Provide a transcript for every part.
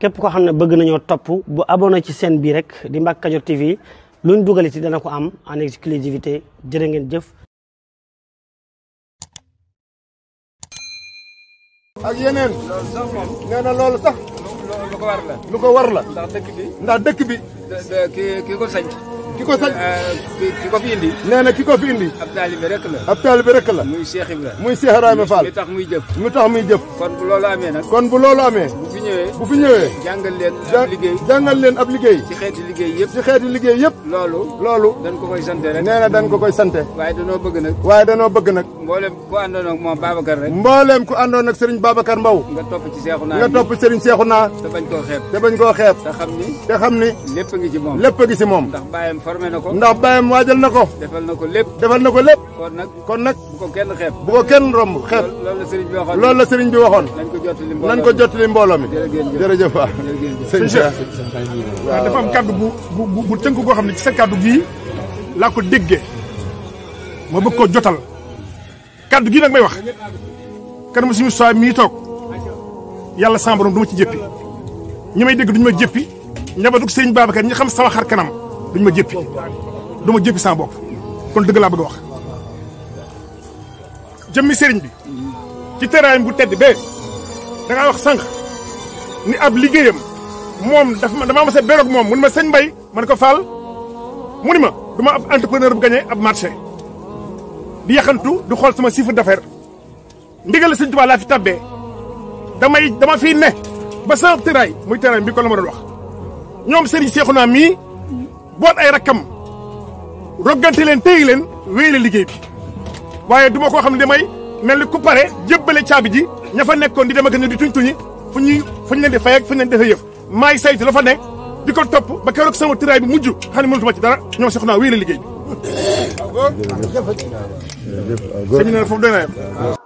képp koo xam ne bëgg nañoo topp bu abonné ci seen bii rek di Mbacke Kadior TV lu ñu dugal ci dana ko am en exclusivité jërë ngeen jëf. ak yeneen. nee na sax. lu ko war la. lu ko war la. ndax dëkk bi. ndax dëkk bi. ki ko sañ. Euh, ki ko fi indi. nee na ki ko fi indi. ab taalibe rek la. ab taalibe rek la. muy Cheikh Ibrahima. muy tax muy jëf. mi tax muy jëf. kon bu loolu nag. kon bu loolu fi ñëwee bu fi ñëwee jàngal leen ab liggéey jàngal liggéey ci xeeti liggéey yëpp ci liggéey yëpp loolu loolu dañ ko koy sante rek nee na dañ ko koy sante waaye danoo bëgg nag waaye danoo bëgg nag mbooleem ku àndoon ak moom Babacar rek mbooleem ku àndoon ak Serigne Babacar Mbow nga topp ci Seexuna nga topp Serigne Seexuna te bañ koo xeeb te bañ koo xeeb te xam ni te xam ni lépp ngi ci moom lépp ngi ci moom ndax bàyyam formé na ko ndax bàyyam waajal na ko defal na ko lépp defal na ko lépp kon nag kon nag bu ko kenn xeeb bu ko kenn romb xeeb lool na Serigne bi waxoon nañ ko jottali mbooloo mi jërëjëf waaw sëñ Cheikh waaw ah, dafa am kàddu bu bu bu tënk goo xam ne ci sa kàddu gii laa ko déggee ma bëgg koo jotal kàddu gi nag may wax kanam suñu soi mii toog yàlla sama borom du ma ci jëppi ñi may dégg duñu ma jëppi njabootug sëriñ Babacar ñi xam sama xar kanam duñu ma jëppi du ma jëppi sama bopp kon dëgg laa bëgg a wax jëmmi sëriñ bi ci teraayam bu tedd bee da wax sànq ni ab liggéeyam moom daf ma damaa ma sa beroog moom mu ni ma sëñ Mbaye man ko Fall mu ni ma du ab entrepreneur bu gagné ab marché di yaxantu du xool sama chiffre d'affaires ndigal sëñ Tuubaa laa fi tabbee dama fii ne ba sa tëraay muy tëraay bi ko ma doon wax ñoom Serigne Cheikhouna mii boot ay rakkam roggante leen téye leen wéy liggéey waaye du ma koo xam ne damay mel ni ku pare jébbale caabi ji ña nekkoon di dem ak ñëw di tuñ tuñi fu ñuy fu ñu leen di fay ak fu ñu leen di defee yëf la fa ne di ko topp ba keroog sama tëraay bi mujj xam ne mënatuma ñoo dara ñoom soxnaa wéy na liggéey bi. jërëjëf jërëjëf foofu doy na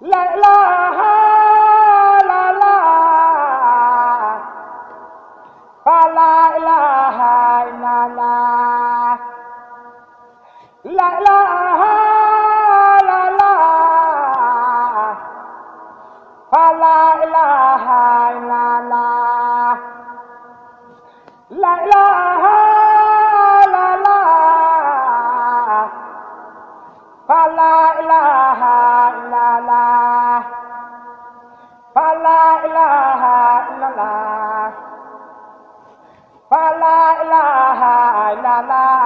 la ilaha la la la ilaha illallah la ilaha la la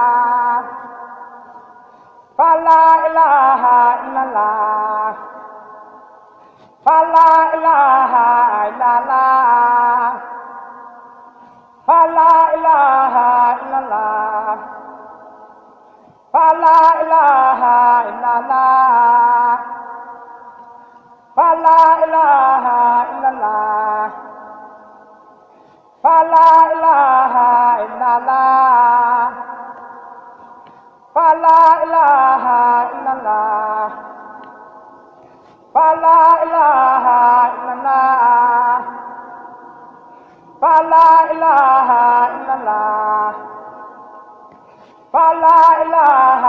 fa la ilaha